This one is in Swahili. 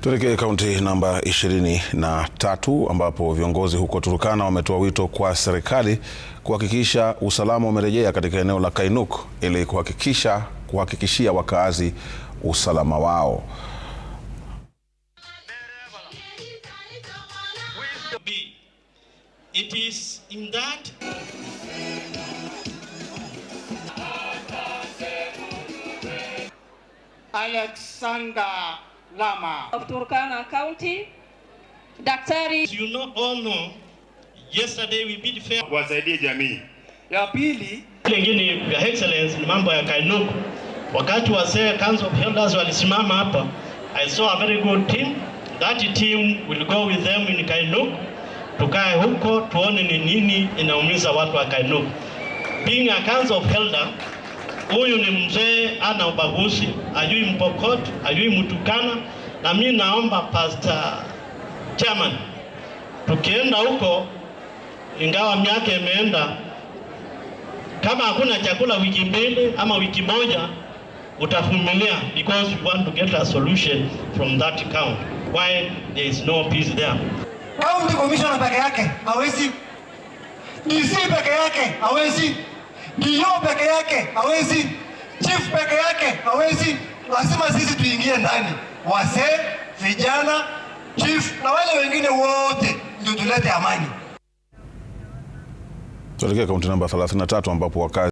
Tuelekee kaunti namba 23 ambapo viongozi huko Turkana wametoa wito kwa serikali kuhakikisha usalama umerejea katika eneo la Kainuk ili kuhakikisha kuhakikishia wakaazi usalama wao. It is in that Alexander Lama of Turkana County, daktari you know all know yesterday we bid fair wasaidie jamii. Ya pili lingine vya excellence ni mambo ya Kainuku. Wakati wa Seh Council of Elders walisimama hapa, I saw a very good team. That team will go with them in Kainuk, Tukae huko tuone ni nini inaumiza watu wa Kainuku. Being a Council of Elder Huyu ni mzee, ana ubaguzi, ajui Mpokoto, ajui Mtukana. Na mi naomba Pastor Chairman, tukienda huko, ingawa miaka imeenda, kama hakuna chakula wiki mbili ama wiki moja, utavumilia because we want to get a solution from that count why there is no peace there. County commissioner peke yake hawezi, DC peke yake hawezi. Dio peke yake hawezi, chief peke yake hawezi. Lazima sisi tuingie ndani, wazee, vijana, chief na wale wengine wote, ndio tulete amani. Tuelekea kaunti namba 33 ambapo wakazi